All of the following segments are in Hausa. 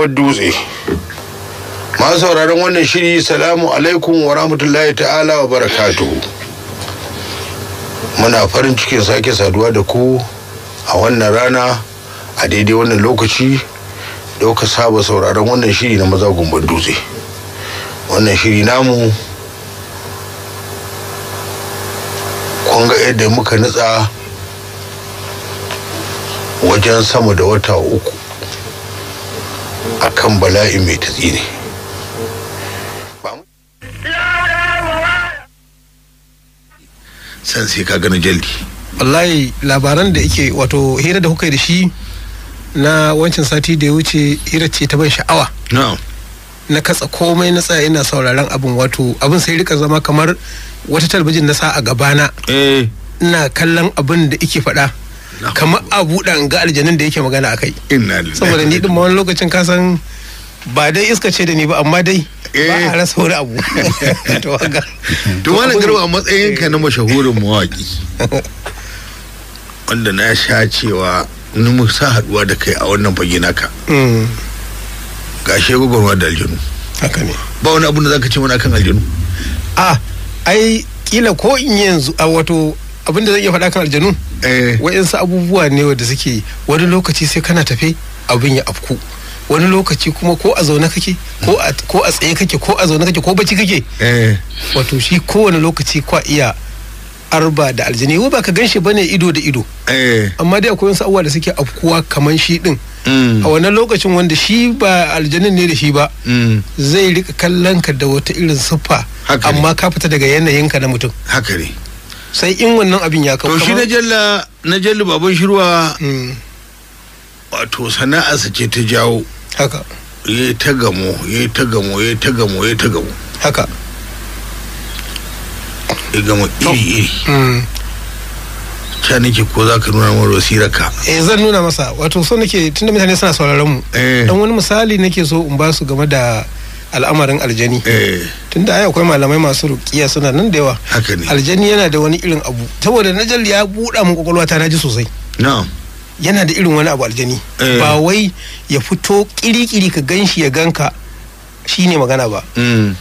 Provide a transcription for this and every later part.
babbar dutse masu sauraron wannan shiri salamu alaikum wa rahmatullahi ta'ala wa barakatuhu muna farin cikin sake saduwa da ku a wannan rana a daidai wannan lokaci dauka saba sauraron wannan shiri na maza gumbar dutse wannan shiri namu kun ga yadda muka nutsa wajen sama da wata uku akan bala'i mai tatsi ne san sai ka gani jaldi wallahi labaran da yake wato hira da kuka yi da shi na wancan sati da ya wuce hira ce ta ban sha'awa na katsa komai na tsaya ina sauraron abin wato abin sai rika zama kamar wata talbijin na sa a gabana eh. ina kallon abin da ike faɗa kamar a buɗa ga aljanin da yake magana a kai saboda ni ma wani lokacin ka san ba dai iska ce da ni ba amma dai ba eh. a rasa wani abu to wannan garba a matsayinka na eh. mashahurin mawaki wanda na sha cewa ni mu sa haɗuwa da kai a wannan fage naka mm. gashe gwagwarwa da aljanu haka ne ba wani abu da zaka ce mana kan aljanu a ah, ai kila ko in yanzu a wato abin da zan iya faɗa kan aljanu Eh. wa'insu abubuwa ne wanda suke wani lokaci sai kana tafe abin ya afku wani lokaci kuma ko a zaune kake ko a tsaye kake ko a zaune kake ko bacci kake eh. wato shi kowane lokaci kwa iya arba da aljini wa ba ka gan shi bane ido da ido eh. amma dai akwai wasu abubuwa da suke afkuwa kamar shi din mm. a wannan lokacin wanda shi ba aljinin ne da shi ba mm. zai rika kallon ka da wata irin siffa amma ka fita daga yanayinka na mutum haka ne sai in wannan abin ya kawo shi na jalla na jalla baban shirwa hmm. wato sa ce ta jawo haka ya ta gamo ya ta gamo ya ta gamo ya ta gamo haka ya gamo iri iri can hmm. nake ko za ka nuna mara wasirarka eh zan nuna masa wato so nake tunda mutane suna sauraron mu eh. dan wani misali nake so in ba su game da al'amarin aljani eh. tunda da akwai malamai masu rukiya suna nan da yawa aljani yana da wani irin abu saboda najal ya buɗa mu kwakwalwa ta naji sosai yana da irin wani abu aljani eh. ba wai ya fito kirikiri ka gan shi ya ganka shine magana ba mm.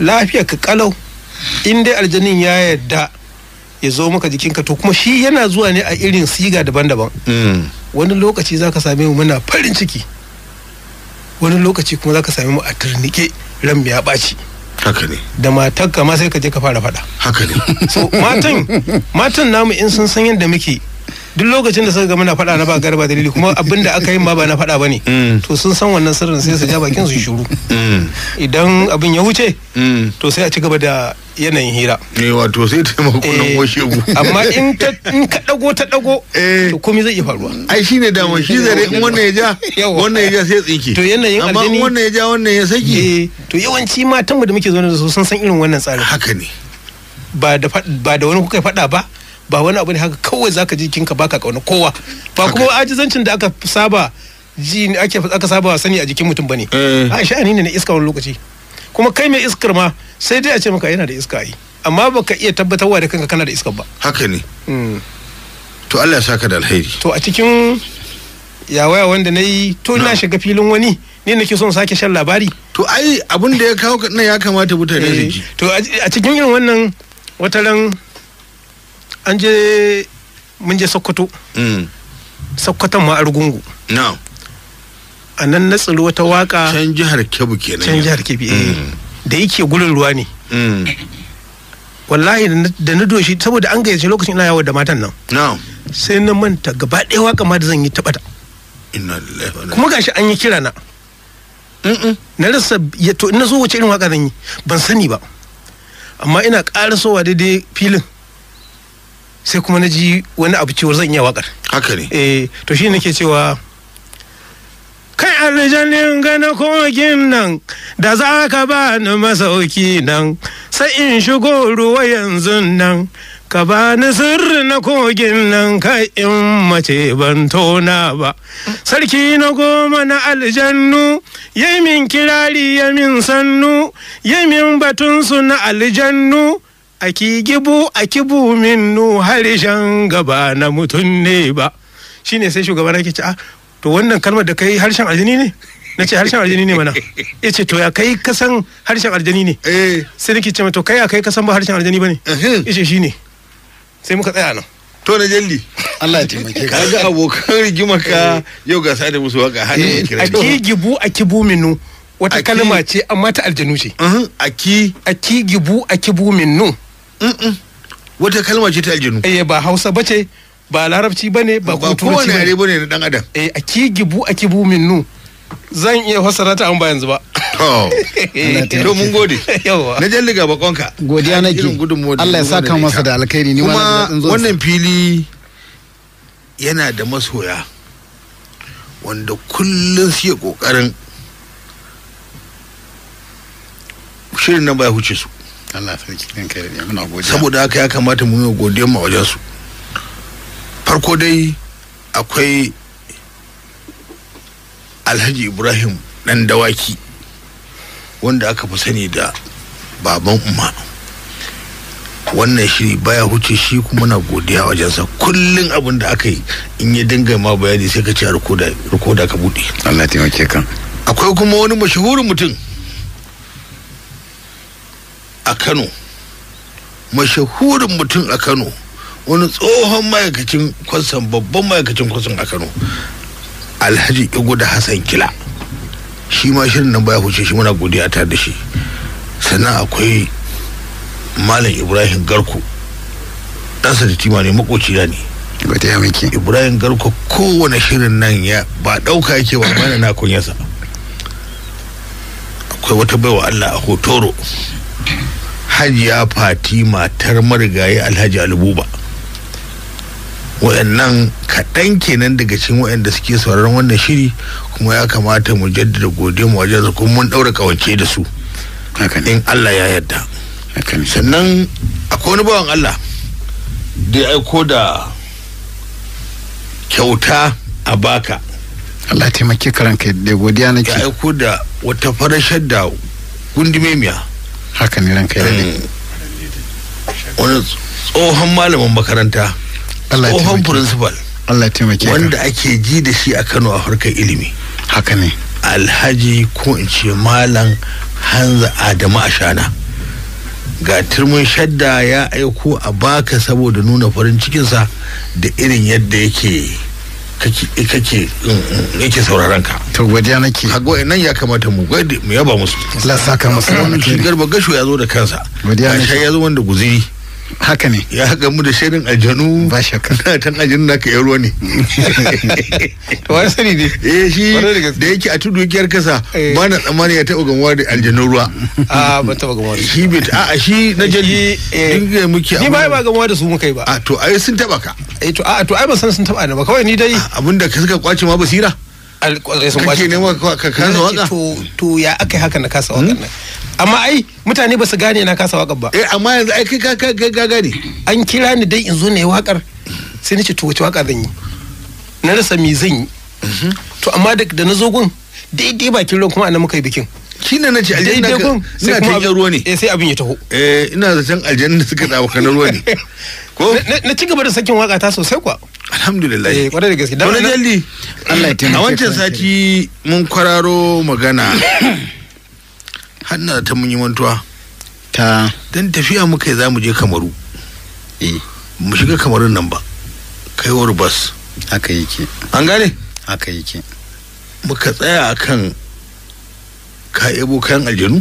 lafiya ka kalau in dai aljanin ya yadda ya zo maka jikinka to kuma shi yana zuwa ne a irin siga daban-daban mm. wani lokaci za ka same mu muna farin ciki wani lokaci kuma zaka sami mu a turnike ran ya ɓaci haka ne da matar ma sai ka je ka fara faɗa haka ne so matan matan namu in sun san yadda muke duk lokacin da suka ga muna faɗa na ba garba dalili kuma abin da aka yi ma ba na faɗa ba ne mm. to sun san wannan sirrin sai su ja bakin su shuru mm. idan abin ya wuce mm. to sai a ci gaba da yanayin hira ne eh, wato sai taimakon nan eh, washe gu amma in ta in ka dago ta dago eh. to komai zai iya faruwa ai shine dama shi zare in wannan ya ja wannan ya ja sai tsinki to yanayin amma wannan ya ja wannan ya saki to yawanci matan mu da muke zaune da su sun san irin wannan tsari. haka ne ba da wani kuka faɗa ba ba wani abu ne haka kawai zaka ji jikinka baka kauna kowa ba kuma ajizancin da aka saba ji ake aka saba sani a jikin mutum bane eh. a sha'ani ne na iska wani lokaci kuma kai mai iskar ma sai dai a ce maka yana da iska yi amma baka iya tabbatarwa da kanka kana da iskar ba haka ne hmm. to Allah ya saka da alheri to a cikin yawaya wanda na yi to na shiga filin wani ne nake son sake shan labari to ai abin da ya kawo nan ya kamata mutane su eh. ji to a cikin irin wannan wataran an je mun je sokoto mm. sokoton ma argungu no a nan na tsiri wata waka can jihar kebbi kenan can jihar kebbi eh. mm. da yake gurin ruwa ne mm. wallahi da na doshi saboda an gayyace lokacin ina yawo da matan nan sai na manta gaba ɗaya waka ma da zan yi taɓata kuma gashi an yi kira na na rasa ya to ina so wace irin waka zan yi ban sani ba amma ina sowa daidai filin sai kuma na ji wani abu cewar zan iya wakar haka ne eh to shi nake cewa kai aljanin gana kogin nan da za ka ba ni masauki nan sai in shigo ruwa yanzu nan ka ba ni sirri na kogin nan kai in mace ban tona ba sarki na goma na aljannu yamin kirari yamin sannu yamin batunsu na aljannu aki gibu aki bu min nu harshen gaba na mutum ne ba shine sai shugaban ke ce ah, to wannan kalmar da kai harshen aljini ne na ce harshen aljini ne mana ya ce to ya kai kasan harshen aljini ne eh. sai nake ce to kai ya kai kasan ba harshen aljini ba ne ya ce ne sai muka tsaya nan to na jalli Allah ya taimake ka ga abokan rigima ka eh. yau ga sai da musu waka har ne eh. kira aki gibu aki minu wata kalma ce amma ta aljanu ce aki aki gibu kibu minu wata kalma ce ta aljanu eh ba hausa ba ce ba larabci ba ne ba kuma turanci ba ne ba ne na dan adam eh a kigibu a kibu minnu nu zan iya fassara ta an ba yanzu ba to mun gode na jalliga bakonka godiya nake Allah ya saka masa da alkhairi ni kuma wannan fili yana da masoya wanda kullum suke kokarin shirin nan ba ya huce su Allah saboda haka ya kamata mu yi godiyar mu wajen su farko dai akwai Alhaji Ibrahim dan dawaki wanda aka fi sani da baban umma wannan shiri baya huce shi kuma na godiya wajensa kullum abin da aka yi in ya dinga ma bayani sai ka ce rikoda ka bude Allah taimake ka akwai kuma wani mashahurin mutum kano mashahurin mutum a kano wani tsohon ma'aikacin kwasan babban ma'aikacin kwasan a kano alhaji igu da hassan kila shi ma shirin nan baya huce shi muna godiya ta da shi sannan akwai malam ibrahim garko ɗansa da tima ne makocina ne ibrahim garko kowane shirin nan ya ba ɗauka yake ba mana na kunyasa akwai wata baiwa allah a hotoro hajiya fatima tar marigayi alhaji albuba waɗannan kaɗan kenan daga cikin waɗanda suke sauraron wannan shiri kuma ya kamata mu jaddada godiya mu wajen su mun ɗaura kawance da su in Allah ya yarda sannan akwai wani bawan Allah da ya aiko da kyauta a baka Allah taimake karanka da godiya nake ya aiko da wata farashar da gundumemiya haka ne ranka ya hmm. wani tsohon malamin makaranta tsohon principal Allah taimake wanda ake ji da shi a Kano a harkar ilimi haka ne alhaji ko in ce malam hanza adamu ashana ga turmin shadda ya aiko a baka saboda nuna farin cikinsa da irin yadda yake kake yake sauraron ka to godiya nake hago nan ya kamata mu gode mu yaba musu Allah saka musu wannan garba gasho ya zo da kansa godiya nake ya zo wanda guziri haka ne ya mu da shirin aljanu ba shakka na tan aljanu naka ya ruwa ne to wani sani ne eh shi da yake a tudu yake kasa eh. ba na tsammani ya taɓa gamuwa da aljanun ruwa a ah, ba taɓa gamuwa da shi bit a a shi na eh. din ga muke ni ba ba gamuwa da su muka yi ba a to ai sun taɓa ka eh to a to ai ban san sun taɓa da ba kawai ni dai abinda ka suka kwace ma basira alƙwaresin wajen ne ka kasa waka to ya aka haka na kasa wakan hmm? nan amma ai mutane ba su gane na kasa wakan ba eh amma yanzu ai kai ka ka gane an kira ni dai in zo na yi wakar sai ni ce to wace waka zan yi na rasa mi zan yi mhm. to amma da na zo gun daidai bakin ruwan kuma ana muka yi bikin shine na ce aljanna ka ina ta yin ruwa ne eh sai abin ya taho eh ina zaton aljanna suka dawo kana ruwa ne ko na ci gaba da sakin waka ta sosai kwa alhamdulillah eh kwarai da gaske dan jalli Allah ya taimake a wancan sati mun kwararo magana hanna ta mun yi mantuwa ta dan tafiya muka yi zamu je Kamaru eh mu shiga Kamarun nan ba kaiwar bas haka yake an gane haka yake muka tsaya akan ka Ebo kayan aljanu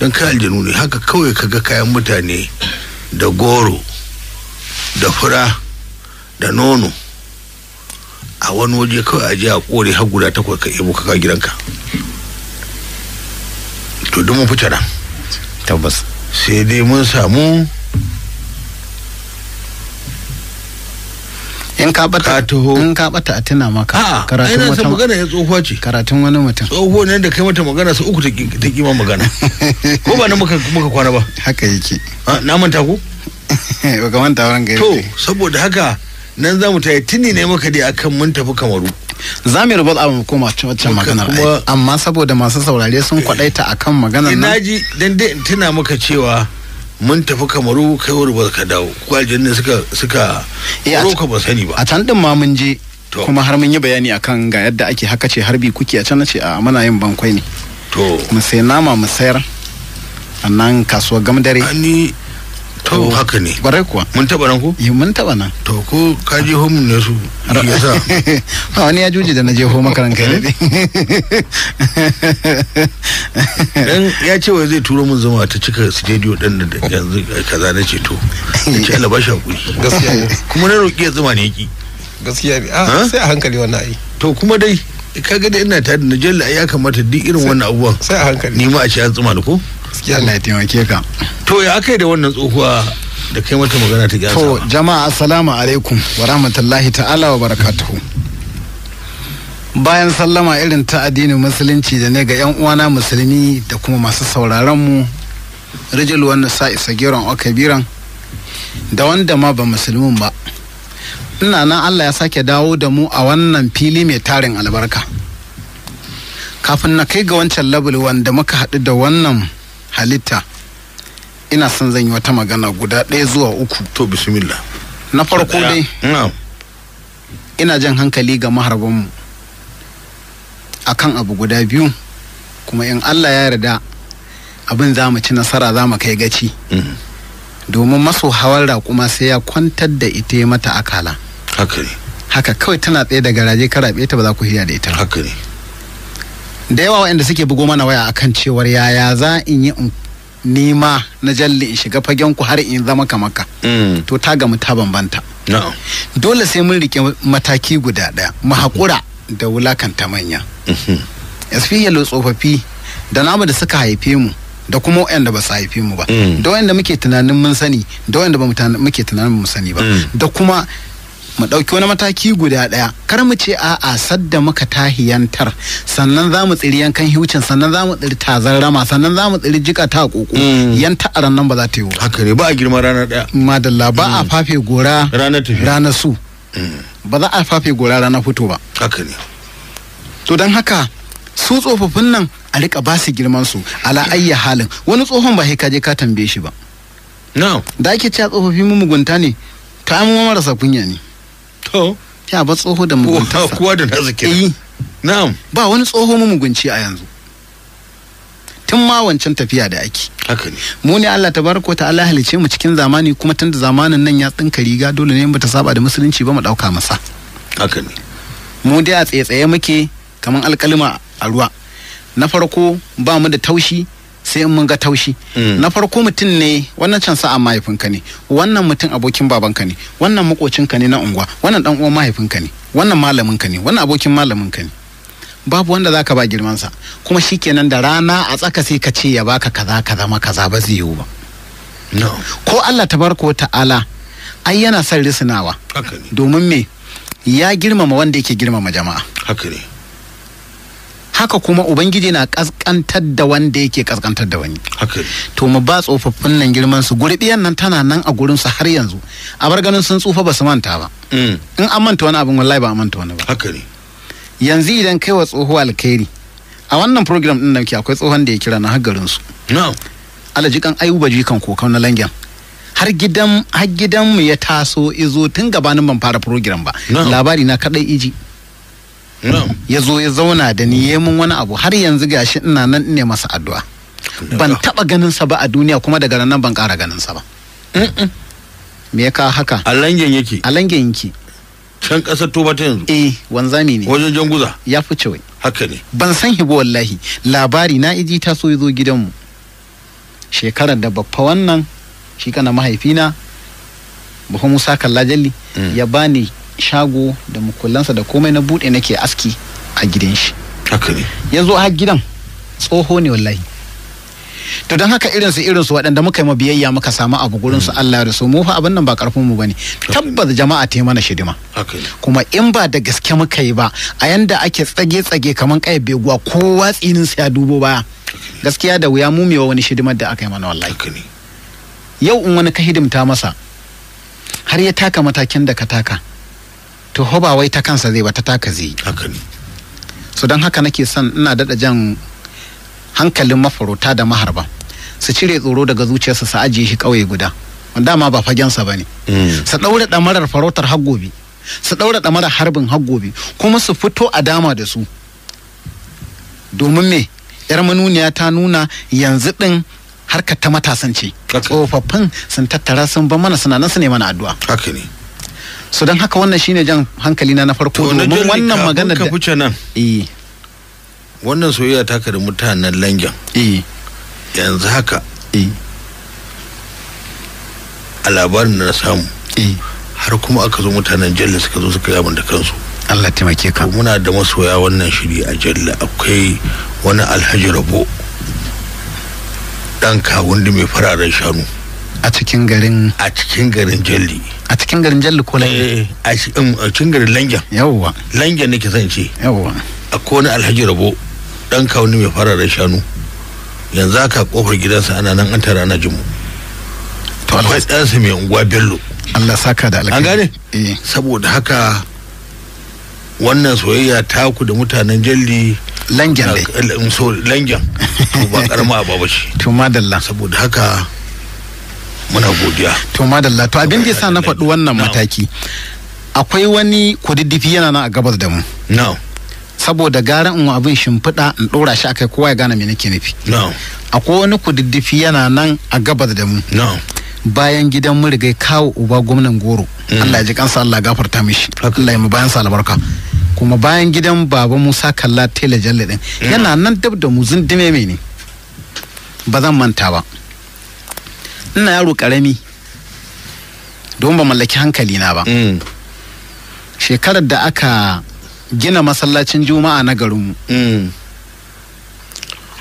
don kayan aljanu ne haka kawai ka ga kayan mutane da goro da fura da nono a wani waje kawai a jiya a kore har guda takwas ka Ebo ka gidanka to duk mun fita nan tabbas sai dai mun samu in ka bata in ka bata a tana maka ah, karatun wata magana ya tsohuwa ce karatun wani mutum tsoho ne da kai mata magana su uku ta kima magana ko ba na muka kwana ba haka yake ah, na manta ko baka manta wurin ga to saboda haka nan za mu ta yi tuni ne maka dai akan mun tafi kamaru za mu rubuta mu koma waccan maganar amma saboda masu saurare sun eh. kwadaita akan maganar eh, nan ina ji dan dai tuna maka cewa mun tafi kamaru kai wuri ba ka dawo ko aljanna suka suka eh, roka ba sani ba a can din ma mun je kuma har mun yi bayani akan ga yadda ake haka ce harbi kuke a can ce a muna yin bankwai ne to mu sai nama mu sayar annan kasuwar gamdare Ani. to haka ne bare kuwa mun taba nan ku. yi mun taba nan to ko ka je homun ne su yasa wani ya juji da na je ho makaranta kai ne dan ya ce wai zai turo mun zama ta cika studio din da yanzu kaza na ce to ce Allah ba shi hakuri gaskiya kuma na roki ya zama ne yaki gaskiya a ah, sai a hankali wannan ai to kuma dai kaga da ina tare da najalla ya kamata duk irin wannan abubuwan sai a hankali ni ma a ce an tsuma da ko Allah ya taimake ka to ya kai da wannan tsohuwa da kai mata magana ta gyasa to jama'a assalamu alaikum wa rahmatullahi ta'ala wa barakatuhu bayan sallama irin ta addinin musulunci da ne ga yan uwana musulmi da kuma masu sauraron mu Rijal wannan sa isa geron okabiran da wanda ma ba musulmin ba ina nan Allah ya sake dawo da mu a wannan fili mai tarin albarka kafin na kai ga wancan labul wanda muka haɗu da wannan halitta ina son zan yi wata magana guda ɗaya zuwa uku to bismillah na farko dai ina jan hankali ga maharban maharbanmu akan abu guda biyu kuma in allah ya yarda abin za mu ci nasara za mu kai gaci mm. domin maso hawar raƙuma sai ya kwantar da ita mata akala haka ne haka kawai tana tsaye da garaje kara ta ba za ku hiya da ita haka ne da yawa wa'anda suke bugo mana waya akan cewar yaya za in yi nima na jalli in shiga fagen ku har in zama kamaka mm. to ta gamu ta bambanta dole sai mun rike mataki guda ɗaya mu haƙura da wulakanta manya mm-hmm. espiyal tsofaffi da namu da suka haife mu da kuma wa'anda ba su haife mu ba mm. da wa'anda muke tunanin mun sani da wa'anda ba muke tunanin mu sani ba mm. da kuma mu ɗauki wani mataki guda ɗaya kar mu ce a'a sadda muka tahiyantar sannan za mu tsiri yankan hiwucin sannan za mu tsiri tazar rama sannan za mu tsiri jika ta koko mm. yan ta'aran nan ba za ta yi haka ne ba a girma ranar ɗaya madalla ba a mm. fafe gora ranar su mm. ba za a fafe gora ranar fito ba haka ne to don haka su tsofaffin nan a rika ba su girman su ala ayya halin wani tsohon ba sai ka je ka tambaye shi ba Na'am. da ake cewa tsofaffi mu mugunta ne ta mu marasa kunya ne to ba tsoho da da eh. ba wani tsoho mugunci a yanzu tun ma wancan tafiya da ake haka ne mu ne Allah tabaraka ta'ala halice mu cikin zamani kuma tunda zamanin nan ya tsinka riga dole ne mu ta saba da musulunci ba mu dauka masa haka mu dai a tsaye-tsaye muke kamar alkalima a ruwa na farko ba mu da taushi sai in mun ga taushi mm. na farko mutum ne wannan can sa'a mahaifinka ne wannan mutum abokin babanka ne wannan makocinka ne na unguwa wannan dan uwan mahaifinka ne wannan malaminka ne wannan abokin malaminka ne babu wanda zaka ba girman sa kuma shikenan da rana a tsaka sai ka ce ya baka kaza ka zama kaza ba zai yiwu ba no. ko Allah tabaraka wa ta'ala ai yana son risinawa domin me ya girmama wanda yake girmama jama'a haka ne haka kuma ubangiji na kaskantar da wanda yake kaskantar da wani to mu ba tsofaffin nan girman su gurbiyan nan tana nan a gurin su har yanzu a bar ganin sun tsufa ba su manta ba mm. in an manta wani abin wallahi ba a manta wani ba haka ne yanzu idan kai wa tsoho alkhairi a wannan program din ke akwai tsohon da ya kira na har garin su alaji kan ayuba jikan kokan na langen har gidan har gidan mu ya taso izo tun gabanin ban fara program ba labari na kadai iji ya zo ya zauna da ni ya mun wani abu har yanzu gashi ina nan ne masa addu'a ban taba ganin sa ba a duniya kuma daga nan ban kara ganin sa ba me ya kawo haka a langen yake a langen yake can kasa toba ta yanzu eh wanzami ne wajen janguza ya fice wai haka ne ban san hibo wallahi labari na iji ta so zo gidanmu shekarar da baffa wannan shi kana mahaifina bafa musa kallajalli mm. ya bani shago da mukullansa da komai na buɗe nake aski a gidan shi ya zo har gidan tsoho ne wallahi to don haka irinsu irinsu waɗanda muka yi ma biyayya muka samu abu gurin su hmm. Allah da su mu fa abin nan ba karfin mu bane tabbas jama'a ta yi mana shidima kuma in ba da gaske muka yi ba a yanda ake tsage tsage kamar kai beguwa kowa tsinin sa ya dubo baya gaskiya da wuya mu mewa wani shidimar da aka yi mana wallahi yau in wani ka hidimta masa har ya taka matakin da ka taka to ba wai ta kansa zai ba ta taka zai so don haka nake son ina daɗa jan hankalin mafarauta da maharba su cire tsoro daga zuciyarsa su ajiye shi kawai guda wanda ma ba sa ba ne mm. su ɗaure ɗamarar farautar har gobe su ɗaure ɗamarar harbin har kuma su fito a dama da su domin me yar manuniya ta nuna yanzu ɗin harkar ta matasan ce tsofaffin sun tattara sun ban mana suna nan su ne mana addu'a haka ne so don haka wannan shine jan hankali na na farko domin wannan magana da wuce nan eh wannan soyayya ta da mutanen langen eh yanzu haka eh a labarin da na samu eh har kuma aka zo mutanen jalla suka zo suka yamin da kansu Allah taimake ka muna da masoya wannan shiri a jalla akwai wani alhaji rabo dan kawun da mai fararen shanu a cikin garin a cikin garin jalli a cikin garin jalli ko langen eh, um, a cikin garin langya. yawwa langen nake son ce yawwa a kone alhaji rabo dan kawuni mai fararen shanu yanzu haka kofar gidansa ana nan an tara ana jin mu to akwai ɗansa mai unguwa bello Allah saka da alkhairi an gane eh. saboda haka wannan soyayya ta ku da mutanen jalli langen dai so langen ba karama ba ce to madalla saboda haka muna godiya to madalla to abin da yasa na faɗi wannan mataki akwai wani kududdufi yana nan a gabas da mu no saboda gara in abin shimfiɗa in ɗora shi akai kowa ya gane me nake nufi no akwai wani kududdufi yana nan a gabas da mu no bayan gidan rigai kawo uba gwamnan goro mm. Allah ya ji kansa Allah gafarta mishi Allah ya mu bayan sa albarka kuma bayan gidan baba Musa Kalla Tela Jalle din mm. yana nan dab da mu zindime ne ba zan manta ba ina yaro karami don ba mallaki mm. hankali na ba shekarar da aka gina masallacin juma'a na mu. Mm.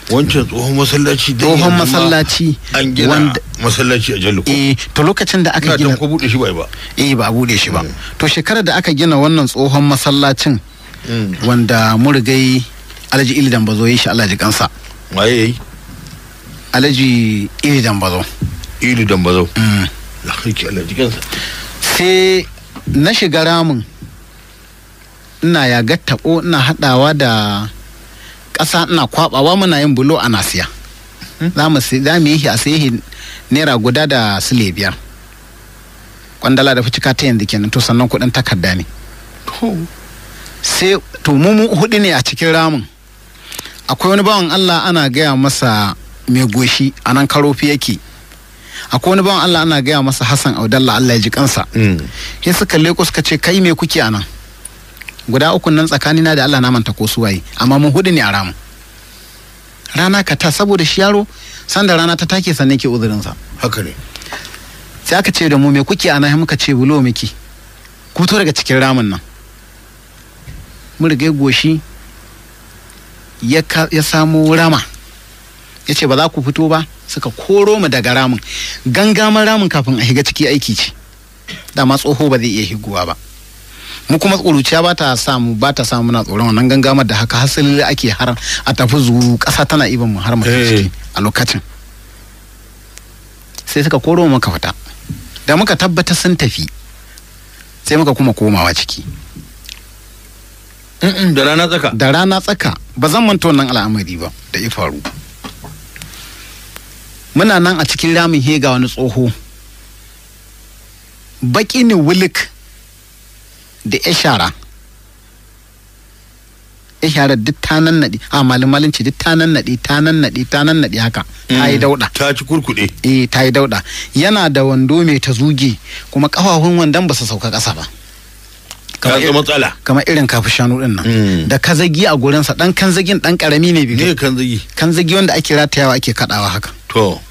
wancan tsohon masallaci tsohon masallaci an gina masallaci a jallo eh to lokacin da aka gina ko bude shi bai ba eh ba bude shi ba mm. to shekarar da aka gina wannan tsohon masallacin wanda murgai alhaji ilidan bazo yi shi alhaji kansa waye yayi alhaji ilidan bazo ili don bazau Allah jikinsa sai na shiga ramin ina ya taɓo ina haɗawa da ƙasa ina kwaɓawa muna yin bulo a nasiya hmm? za mu yi a sayi naira guda da sule biyar kwandala da fucika ta yanzu kenan to sannan kuɗin takarda ne sai to mu hudu ne a cikin ramin akwai wani bawan Allah ana gaya masa mai goshi a nan karofi yake akwai wani bawan Allah ana gaya masa Hassan Audalla Allah ya ji kansa mm. sai suka leko suka ce kai me kuke anan guda uku nan tsakanina da Allah na manta ko suwaye amma mun hudu ne a ramu rana ka ta saboda shi yaro sanda rana ta take sannan ke uzurinsa haka ne sai aka ce da mu me kuke ana muka ce bulo miki ku to daga cikin ramin nan mun riga goshi ya samo rama ya ce ba za ku fito ba suka koro mu daga ramin gangamin ramin kafin a higa ciki aiki ce dama tsoho ba zai iya higuwa ba mu kuma tsoruciya ba ta samu ba ta samu muna tsoron wannan gangamar da haka hasali ake har a tafi zuru ƙasa tana iban mu har mu ciki eh. a lokacin sai suka koro mu muka fita da muka tabbata sun tafi sai muka kuma komawa ciki da rana tsaka da rana tsaka ba zan manta wannan al'amari ba da ya faru muna nan a cikin ramin hega wani tsoho baki ne wulik da ishara ishara duk ta nan naɗi a malin ce duk ta nan naɗi ta nan naɗi ta nan naɗi haka ta yi mm. dauɗa ta ci kurkuɗe eh ta yi dauɗa yana da wando mai ta zuge kuma kafafun wandon ba su sauka ƙasa ba kamar matsala kamar irin kafin shanu din nan mm. da kazagi a gurinsa dan kanzagin dan karami ne bi ne kanzagi kanzagi wanda ake ratayawa ake kadawa haka to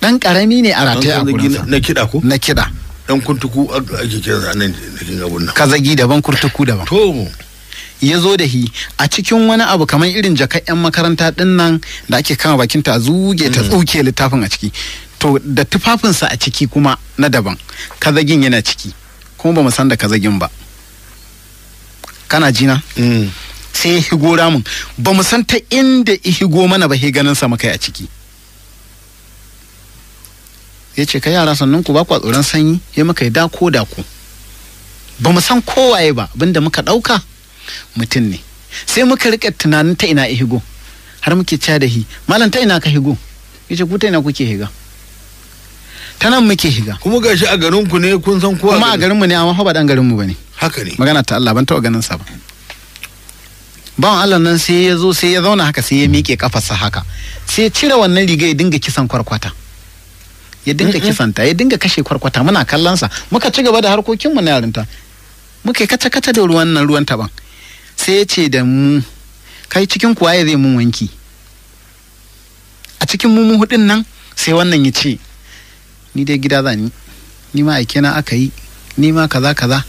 dan karami ne a rataya a kuransa na kiɗa ko na kiɗa dan kurtuku ake kiransa nan cikin abun nan kazagi daban kurtuku daban to ya zo da hi a cikin wani abu kamar irin jakar 'yan makaranta din nan da ake kama bakin ta zuge ta mm. tsuke littafin a ciki to da tufafinsa a ciki kuma na daban kazagin yana ciki kuma ba mu san da kazagin ba kana jina mm. sai ya higo ramin ba mu san ta inda ihigo mana ba ganin sa makai a ciki ya ce ka yara sannan ku ba ku tsoron sanyi ya maka ya dako dako ba mu san kowaye ba abinda muka ɗauka mutum ne sai muka rika tunanin ta ina ihigo har muke ca da hi malam ta ina ka higo yace ku ta ina kuke higa ta nan muke higa kuma gashi a garin ku ne kun san kowa kuma a garin mu ne amma fa ba dan garin mu bane haka ne magana ta Allah ban taɓa ganin sa ba bawan Allah nan sai ya zo sai ya zauna haka sai ya miƙe kafarsa haka sai ya cire wannan riga ya dinga kisan kwarkwata ya dinga kisanta ya dinga kashe kwarkwata muna sa muka ci gaba da mu na yarinta muka yi kata kata da ruwan nan ruwan taban sai ya ce da mu kai cikin kuwa ya zai mun wanki a cikin mu hudun nan sai wannan ya ce ni dai gida za ni ni ma aike na aka yi ni ma kaza kaza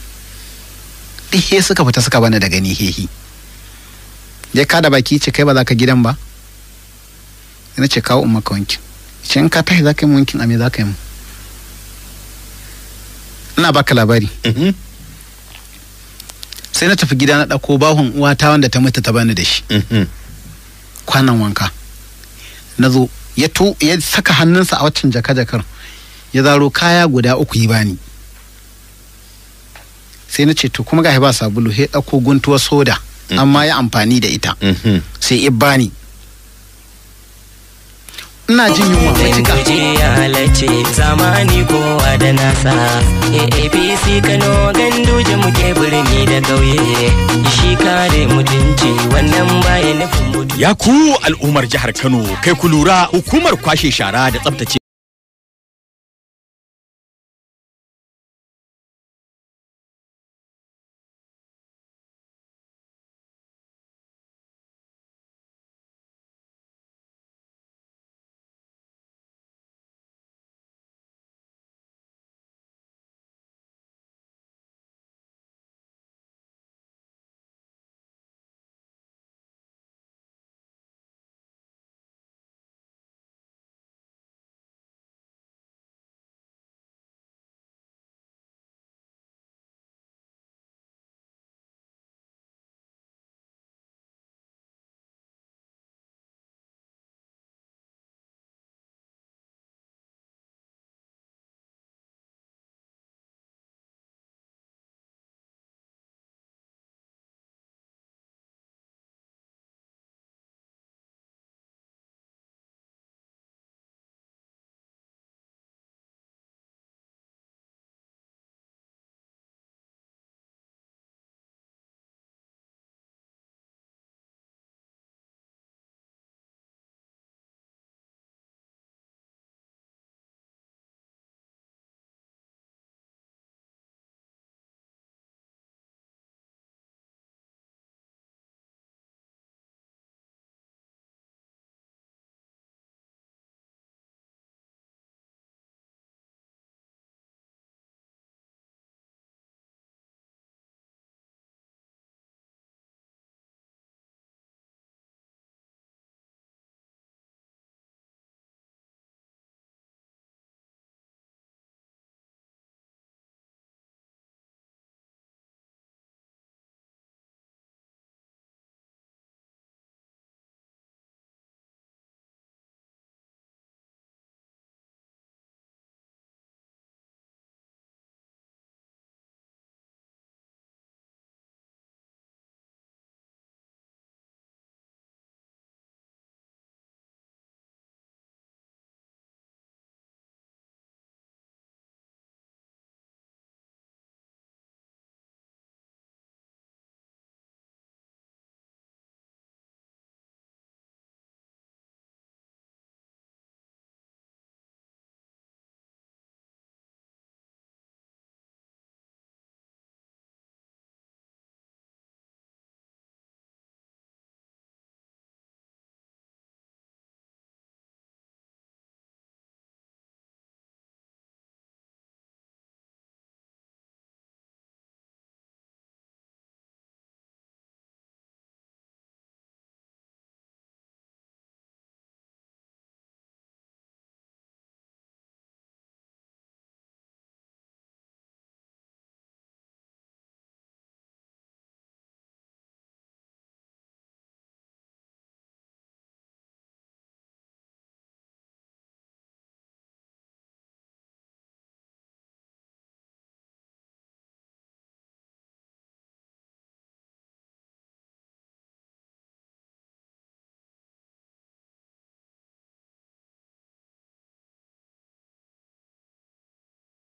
ihe suka fita suka bani da gani hehi ya kada baki ce kai ba za ka gidan ba na ce kawo umma ka wankin can ka tashi za ka yi mun wankin za ka yi mu ina baka labari mhm. sai na tafi gida na ɗako bahun uwata wanda ta mutu ta bani da shi mhm. kwanan wanka na zo ya saka hannunsa a waccan jaka-jakar ya zaro kaya guda uku yi bani sai na ce to kuma gashi ba sabulu he ɗauko guntuwar soda mhm. amma ya amfani da ita sai ya bani ina jin yunwa matuka zamani kowa da nasa APC Kano ganduje muke birni da kauye shi kare mutunci wannan bayan nufin mutu. ya ku al'ummar jihar Kano kai ku lura hukumar kwashe shara da tsabtace